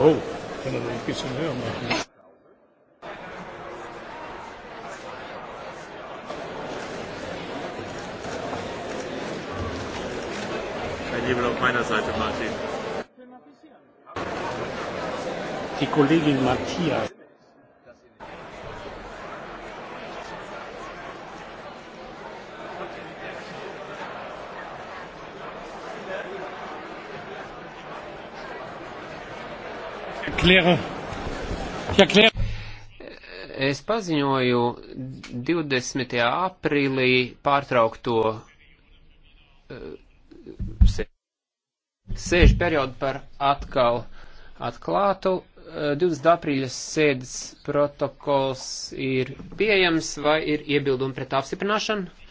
Oh, ich kann das ein bisschen höher machen. Ein Hebel auf meiner Seite, Martin. Die Kollegin Matthias. Es paziņoju 20. aprīlī pārtraukto eh, sēžu periodu par atkal atklātu. 20. Eh, aprīļa sēdes protokols ir pieejams vai ir iebildumi pret apstiprināšanu?